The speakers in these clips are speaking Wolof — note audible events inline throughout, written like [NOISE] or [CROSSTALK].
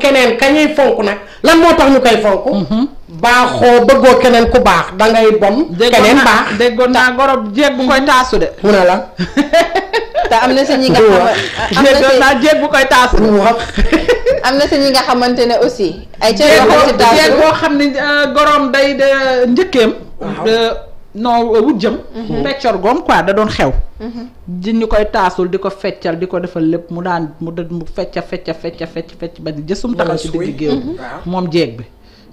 keneen kañuy fonk nag lan moo tax ñu koy fonk mhm. baaxoo bëggoo keneen ku baax dangay bon keneen baax déggoon naa gorob jéeg bu koy taasu de mu ne la [LAUGHS] te am na si ñi nga xam déggoon naa jéeg bu koy taasu de wax [LAUGHS] am na si ñi nga xamante ne aussi ay cër yoo xam ne jéeg boo xam ne euh, gorom day de njëkkeem non wut jëm. Mhm. Mhm. feccor goom quoi da doon xew. Mhm. di ñu koy taasul di ko feccal di ko defal lépp mu daan mu da mu fecca fecca fecca fecc fecc ba di jësum taxaw ci digg géew moom jeeg bi.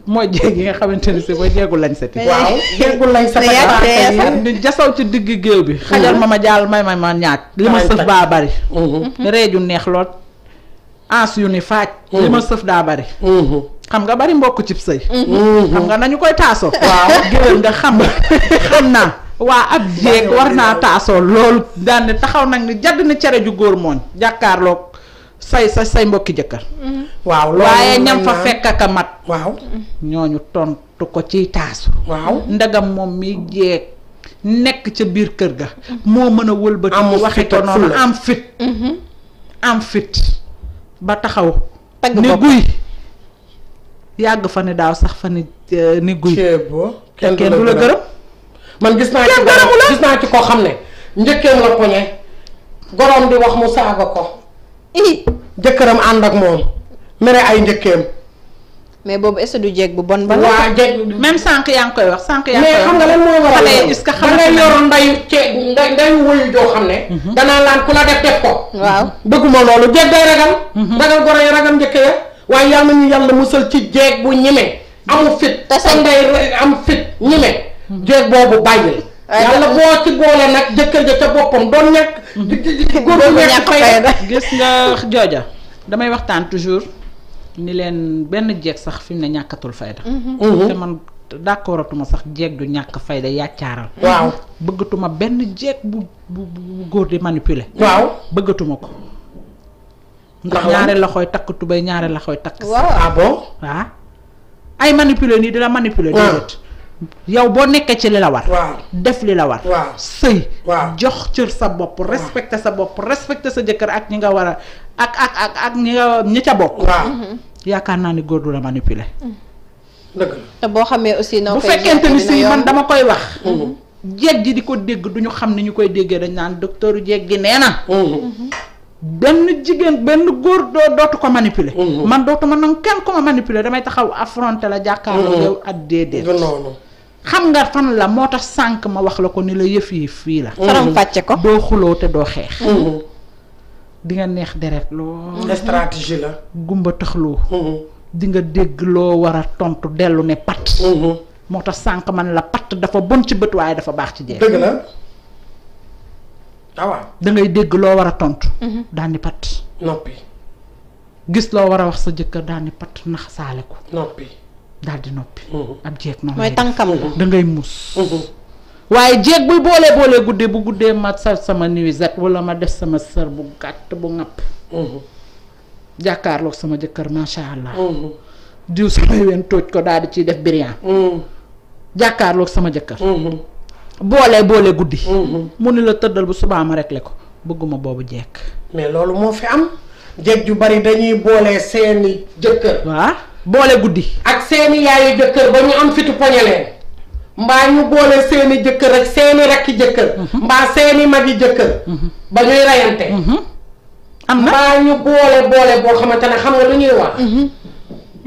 mooy yi nga xamante ne si mooy jéegu lañ sati waaw ci digg géew bi xajal ma ma jàll may may ma ñaaj li ma sëf baa bari reeju neex lool ans yu ni faaj li ma sëf daa bari xam nga bari mbokk cib sëy mhm. xam nga nañu koy taasoo waaw géwél nga xam xam naa waa ab jéeg war naa taasoo loolu daanne taxaw nag ni jadd na cere ju góor mooñ jàkkaarloog say say say mbokki jëkkër mhm. waaw loolu waaye ñam fa fekk ak a mat mhm. ñooñu tontu ko ciy taasu waaw ndagam moom mi jeeg nekk ca biir kër ga moo mën a wëlbati waxe ko noonu am fit am fit ba taxaw ni guy yàgg fa ne daaw sax fa ne euh, ni guy. kenn du la gërëm man gis naa ci ko naa ci koo xam ne njëkkeem la poñe goroom di wax mu saaga ko i jëkkëram ànd ak moom mere ay njëkkeem mais boobu est du jeeg bu bon ba la waa jeeg même yaa ngi koy wax sànq yaa nga lan moo waral xale xam ne mhm. danaa la def def ko waaw loolu jeeg day ragal mhm. ragal goro yi ragal njëkke ya waaye yàlla nañu yàlla musal ci jeeg bu ñeme. amu fit te nday am fit ñeme. jeeg boobu bàyyil. yàlla boo ci boole nag jëkkër ja ca boppam doon nekk. [LAUGHS] góor ñàkk gis nga jooja damay waxtaan toujours ni leen benn jeeg sax fi mu ne ñàkkatul fayda. Mm-hmm. Mm-hmm. te man d'accordatuma sax jeeg du ñàkk fayda yàccaaral. waaw bëggatuma benn jeeg bu bu bu góor di manipuler. waaw bëggatuma ko. ndax ñaari loxooy takk tubay ñaare loxooy takk. waaw ah bon. waaw ah. ay manipuler nii di la manipuler. déedéet yow boo nekkee ci li la war. def li la war. waaw sëy. jox cër sa bopp. sa bopp respecté sa jëkkër ak ñi nga war a ak ak ak ak ñi mm-hmm. yaakaar naa ni góor du mm. te boo xamee aussi. noo koy bu fekkente ni si man dama koy wax. jeeg mm-hmm. ji di ko dégg du ñu xam ne ñu koy déggee dañ naan docteur jeeg gi nee na. Mm-hmm. benn jigéen benn góor doo dootu ko manipuler. Mm-hmm. man dootuma nangu kenn ku ma manipuler damay taxaw affronter la jàkkaarloo mm-hmm. yow ak déedéet. xam nga fan la moo tax sànq ma wax la ko ni la yëf yi fii la. Mm-hmm. faram fàcce ko doo xuloo te doo nga neex deret lool. stratégie la. gumba taxloo. di nga dégg loo war a tontu dellu ne pat. moo tax sànq man la pat dafa bon ci bët waaye dafa baax ci jeex. Ah da ngay dégg loo war a tontu. Mhm. daal ni pat. noppi. gis loo war a wax sa jëkkër daan ni pat nax saale ko. noppi. daal di noppi. Mhm. ab jeeg noonu mooy tànkam la da ngay muus. Mhm. waaye jeeg buy boole boole guddee bu guddee ma sal sama nuisette wala ma def sama sër bu gàtt bu ŋapp. jàkkaarloog sama jëkkër macha allah. diw samay wen tooj ko daal di ciy def biriyan. jàkkaarloog sama jëkkër. boole boole guddi. Mm-hmm. mu ni la tëddal bu subaa ma réglé ko bëgguma boobu jekk. mais loolu moo fi am. jeeg ju bari dañuy boole seeni jëkkër. waaw boole guddi. ak seeni yaayu jëkkër ba ñu am fitu poñe leen mbaa ñu boole seeni jëkkër ak seeni rakki jëkkër. Mm-hmm. mbaa seeni magi jëkkër. Mm-hmm. ba ñuy rayante. ñu boole boole boo xamante ne xam nga lu wax.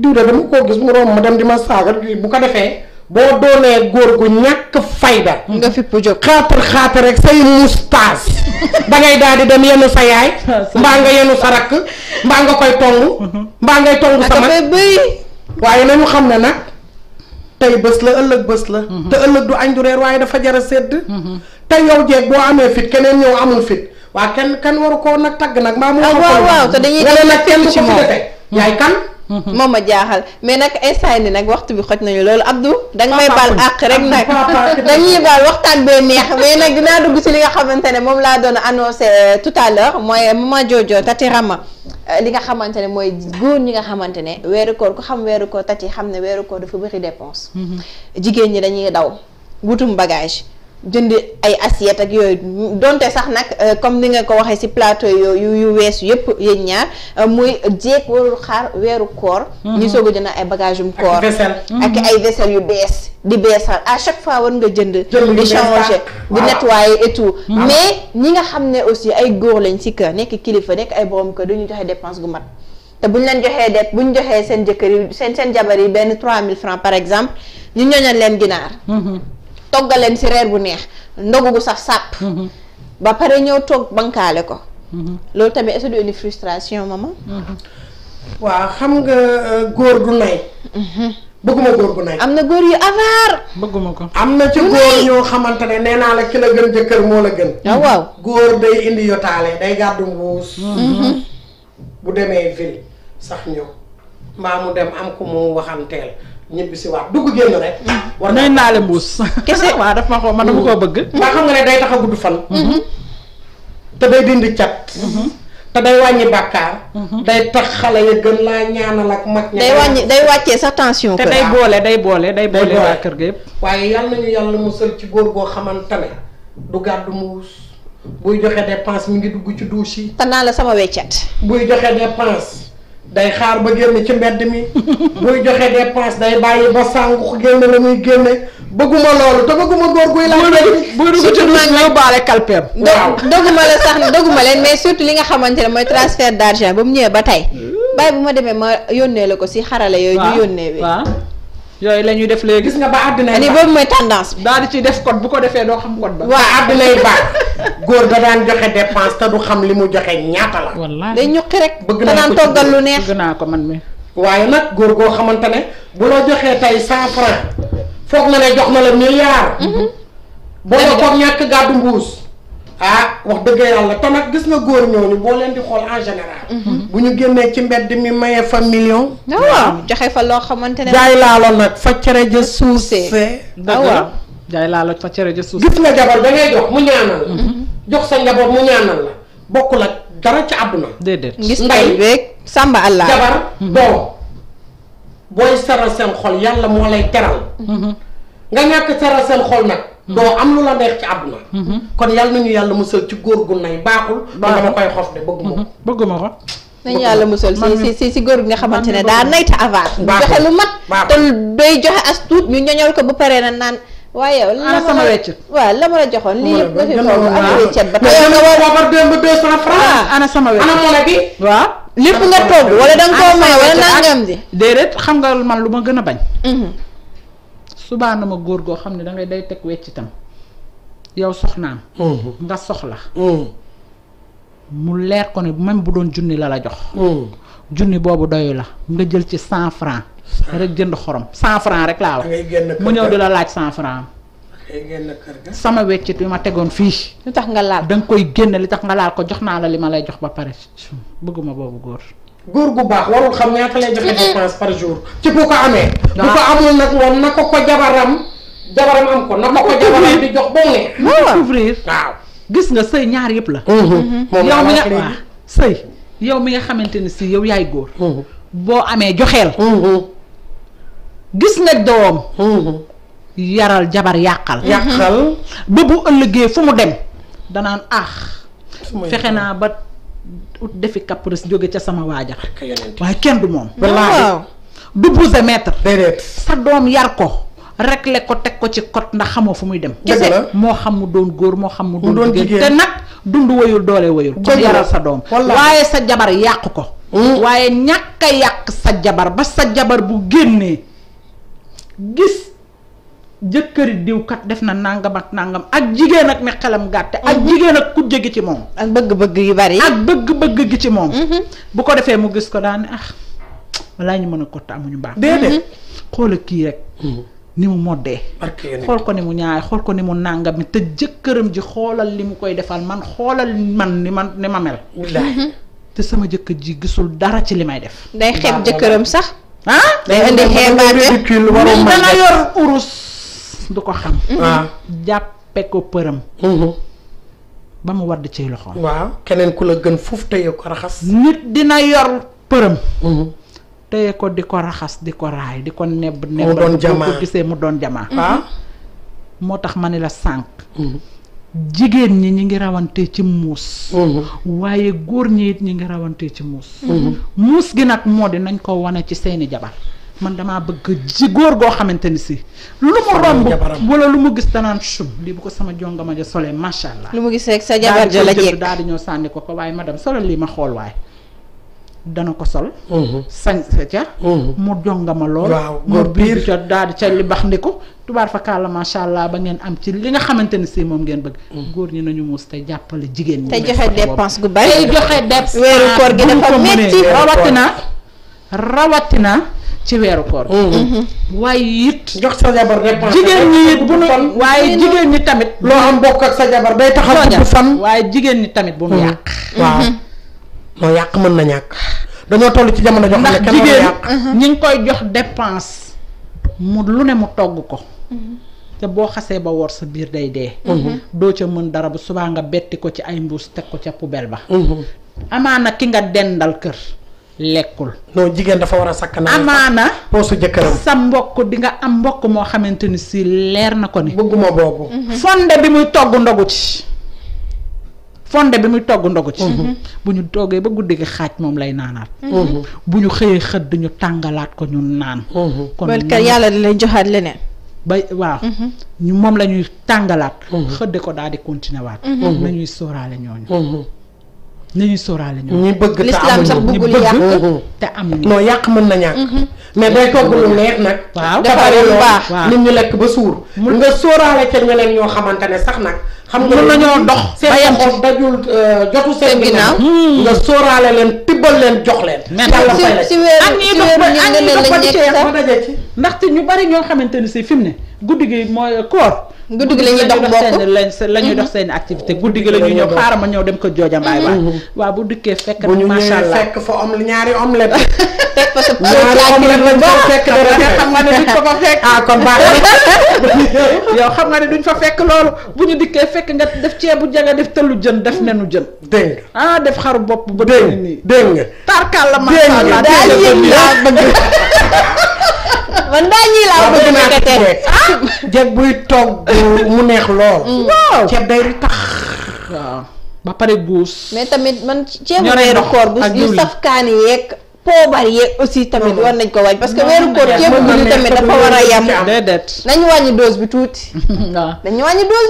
diw de dama koo gis mu romb ma dem di ma saaga bu ko defee. boo doonee góor gu ñàkk fayda nga fipp jóg xaatar xaatar rek say mustaas [LAUGHS] dangay daal di dem yenu sa yaay [LAUGHS] mbaa nga yenu sa rakk mbaa nga koy tong mhm. mbaa ngay tong sama waaye nañu xam ne nag tey bës la ëllëg bés la mhm. te ëllëg du añ du reer waaye dafa jara sedd mhm. te yow jeeg boo amee fit keneen ñëw amul fit waa kenn kenn waru ko nag tagg nag mbaa mu ah, waaw waaw te dañuy wala nag kenn ko fi defe yaay kan Mm-hmm. moom ma jaaxal mais nag instant ni nag waxtu bi xoj nañu loolu Abdou. danga may baal àq rek nag dañuy baal waxtaan bee neex mais nag dinaa dugg ci li nga xamante ne moom laa doon annoncé euh, tout à l'heure mooy euh, ma joojoo Tati Rama euh, li nga xamante ne mooy góor ñi nga xamante ne weeru koor ku xam weeru koor Tati xam ne weeru koor dafa bëri dépense. Mm-hmm. jigéen ñi dañuy daw wutum bagage. jënd ay assiette ak yooyu donte sax nag euh, comme ni nga ko waxee ci plateau yooyu yu weesu yëpp yéen ñaar euh, muy jéeg warul xaar weeru koor. ñu mm-hmm. soog a ay bagage um koor. Mm-hmm. ak ay vaisselle yu bees. di beesal à chaque fois war nga jënd. di changer di nettoyer et tout. Mm-hmm. mais ñi nga xam ne aussi ay góor lañ ci kër nekk kilifa nekk ay borom kër duñu joxe dépense gu mat. te bu ñu leen joxee det bu ñu joxee seen jëkkër yi seen seen jabar yi benn 3000 francs par exemple ñu ñoñal leen ginaar. toggal leen ci reer bu neex ndogu gu sax sàpp mm-hmm. ba pare ñëw toog bankaale ko mm-hmm. loolu tamit est-ce que du indi mm-hmm. waaw xam nga euh, góor du nay bëgguma góor bu nay am na góor yu avaar bëgguma ko am na ci góor ñoo xamante ne nee naa la ki la gën jëkkër moo la gën waaw ah, waaw góor day indi yotaale day gàddu mbuus bu demee ville sax ñëw mbaa mu dem am ko mu waxanteel ñibbi si waat dugg génn rek. Mm-hmm. war nañ naale mbuus. [LAUGHS] kese waa daf ma xoo man dama koo bëgg. waa xam nga ne day tax a gudd fan. Mm-hmm. te day dindi cat. Mm-hmm. te day wàññi bàkkaar. day tax xale ya gën laa ñaanal ak mag. day wàññi day wàccee sa tension. day boole day boole day boole kër ga waaye yàlla yal nañu yàlla musal ci góor goo xamante ne du gàddu mbuus buy joxe dépense mu ngi dugg ci douche yi. te naa la sama weccat. buy joxe dépense. day xaar ba génn ci mbedd mi buy joxe dépense day bàyyi ba sàngu génne la muy génne bëgguma loolu ku bëgguma góor guy laaj buy dugg ci duus ñëw baale kalpeem doguma la sax doguma leen mais surtout li nga xamante ne mooy transfert d'argent ba mu ñëwee ba tey euh. bàyyi bu ma demee ma yónnee la ko si xarala yooyu ñu yónnee wi yooyu la ñuy def léegi gis nga ba àddina yi ba mooy tendance bi daal di ciy def code bu ko defee doo xam code ba waaw àddina yi baax góor da daan joxe dépense te du xam li mu joxe ñaata la wallaahi day ñuqi rek bëgg naa ko toggal lu neex bëgg naa ko man mi waaye nag góor goo xamante ne bu la joxee tey cent franc foog na ne jox na la milliard mhm. boo la foog ñàkk gàddu mbuus ah wax dëgg yàlla te nag gis nga góor ñooñu boo leen di xool en général. Mhm. bu ñu génnee ci mbedd mi maye fa million. Ah waaw joxe fa loo xamante ne. jaay laalo nag fa cere ja suusee. Ah waaw jaay laalo fa cere ja suusee. gis nga jabar da ngay jox mu ñaanal mhm. jox sa njaboot mu ñaanal la bokk la dara ci àdduna. déedéet gis ngay beeg sàmba allah jabar mhm. doom booy saral seen xol yàlla moo lay teral. nga ñàkk saral seen xol nag. Mm-hmm. doo am lu la neex ci àdduna mm-hmm. kon yàlla nañu yàlla musal ci góor gu nay baaxul ba dama koy xof de bëgguma ko mm-hmm. bëgguma ko nañu yàlla musal si si si góor gi nga xamante ne daa nayta avance joxe lu mat te day joxe as tuut ñu ñoñol ko bu pare na naan waaye yow la sama wecc waaw la ma la joxoon lii yëpp nga fi toog amee ceeb ba tey ana woowabar ana sama wecc ana mone bi waaw lépp nga togg wala da nga koo may wala nangam di déedéet xam nga man lu ma gën a bañ subaana ma góor goo xam ne da day teg weccitam yow soxnaam. Mm-hmm. nga soxla. Mm-hmm. mu leer ko ne même bu doon junni la la jox. Mm-hmm. junni boobu doyu la nga jël ci cent franc. rek jënd xorom cent franc rek laa wax. mu ñëw di la laaj cent franc. sama weccit bi ma tegoon fii. li tax nga laal da nga koy génne li tax nga laal ko jox naa la li ma lay jox ba pare bëgguma boobu góor. góor gu baax warul xam ñaata lay joxe dépense par jour ci bu ko amee. bu ko ah. amul nag moom na ko ko jabaram jabaram am ko na ko ko jabaram di jox ba mu ne. découvrir gis nga sëy ñaar yëpp la. Mm-hmm. Mm-hmm. yow mi nga mm-hmm. yow mi nga xamante ni si yow yaay góor. boo amee joxeel. gis nga doom. yaral jabar yàqal. yàqal ba bu ëllëgee fu mu dem danaan aax. Ah, fexe naa ba. ut defi caprice jóge ca sama waajar waaye kenn du moom wallaahi du buse maître sa doom yar ko réglé ko teg ko ci kot ndax xamoo fu muy dem kese moo xam mu doon góor moo xam mu doon jigéen te nag dund woyul doole woyul kon yaral sa doom waaye sa jabar yàq ko mm. waaye ñàkk a yàq sa jabar ba sa jabar bu génnee gis jëkkëri diw kat def na nangam ak nangam ak jigéen ak ne xelam gàtte. ak mhm. jigéen ak ku jege ci moom. ak bëgg-bëgg yu bari. ak bëgg-bëgg ci moom. Mhm. bu ko defee mu gis ko daane ne ah walaa ñu mën a ko kott amuñu baax. déedéet mhm. xoola kii rek. ni mu moddee. xool ko ni mu ñaay xool ko ni mu nàngami te jëkkëram ji xoolal li mu koy defal man xoolal man ni man ni ma mel. wallaahi te sama jëkkër ji gisul dara ci li may def. day xet jëkkëram sax. ah day indi xeebaate dana yor urus. du ko xam. Ah. jàppe ko përëm. Mhm. ba mu wadd ci loxoom. waaw keneen ku la gën foofu téye ko raxas. nit dina yor përëm. Mhm. téye ko di ko raxas di ko raay di ko nebb. mu gisee mu doon jamaa. Ah. Mhm. moo tax ma ne la sànq. jigéen ñi ñi ngi rawante ci muus. waaye góor ñi it ñi ngi rawante ci muus. muus gi nag moo di nañ ko wane ci seeni jabar. man damaa bëgg ci góor goo xamante ni si. lu mu romb wala lu mu gis danaan sum lii bu ko sama jongama ja solee macha allah. lu mu gis rek sa jabar ja la jekk daal di ñëw sànni ko ko waaye madame solo lii ma xool waaye. dana ko sol. Mhm. sañ sa ca. Mhm. mu jongama lool. waaw góor biir ca daal di ca li bax ndiku. tubaar fa kàlla macha allah ba ngeen am ci li nga xamante ni si moom ngeen bëgg. Mhm. góor ñi nañu muus te jàppale jigéen ñi. te joxe dépense gu bari. tey joxe dépense weeru koor gi ah, dafa metti rawatina rawatina. ci weeru koor mm-hmm. Mm-hmm. waaye it jox sa jabar dépense jigéen ñi it bu nu waaye jigéen ñi tamit loo am bokk sa jabar day taxaw bu fan waaye jigéen ñi tamit bu nu mm-hmm. yàq moo yàq mën na ñàkk dañoo toll ci jamono joo xam ne kenn ñi ngi koy jox dépense mu lu ne mu togg ko te boo xasee ba wor sa biir day dee doo ca mën dara bu subaa nga betti ko ci ay mbuus teg ko ca poubelle ba amaana ki nga dendal kër lekkul. non jigéen dafa war a sakkanal. amaana poosu jëkkëram. sa mbokk di nga am mbokk moo xamante ni si leer na ko ni. bëgguma boobu. Mhm. fonde bi muy togg ndogu ci. fonde bi muy togg ndogu ci. Mhm. bu ñu toggee ba guddi gi xaaj moom lay naanaat. Mhm. bu ñu xëyee xëdd ñu tàngalaat ko ñu naan. kon yàlla di lay joxaat leneen. ba waaw. moom lañuy ñuy tàngalaat. xëdde ko daal di continuer waat. nañuy sóoraale ñooñu. nañu sóoraale ñoom. ñi bëgg te amuñu sax bëggul yàq te amuñu. non yàq mën na ñàkk. Mhm. mais day togg lu neex nag. waaw defaree lu baax nit ñu lekk ba suur. nga sóoraale ca ñeneen ñoo xamante ne sax nag. xam nga mën nañoo ndox seen xol dajul euh, jotu seen ginnaaw. nga sóoraale leen tibbal leen jox leen. yàlla fay la ci ci ci ndaxte ñu bari ñoo xamante ne si fi mu ne guddi gi mooy koor Mm-hmm. guddi gi la ñuy dox seen la ñuy dox seen activité guddi la ma dem ko jooja mbaay waay mm-hmm. waaw bu dikkee fekk na macha allah fekk fa [LAUGHS] xam nga ne duñ fa ko fekk ah [LAUGHS] ne duñ fa fekk loolu bu ñu dikkee fekk nga def ceebu jaga def tëllu jën def nenu jën dégg nga ah def xaru bopp ba dégg nii dégg nga tarkal la macha [LAUGHS] man daa ñuy laa bëgg nekkatee jeeg ah! buy togg mu neex lool. Mm. waaw ceeb day tax waaw. ba pare guus. mais tamit man ceeb weeru koor bu yu saf kaani yeeg. poobar yeeg aussi tamit war nañ ko wàññi parce que weeru koor ceeb bu tamit dafa war a yem. déedéet nañu wàññi dose bi tuuti. [LAUGHS] waaw wàññi dose.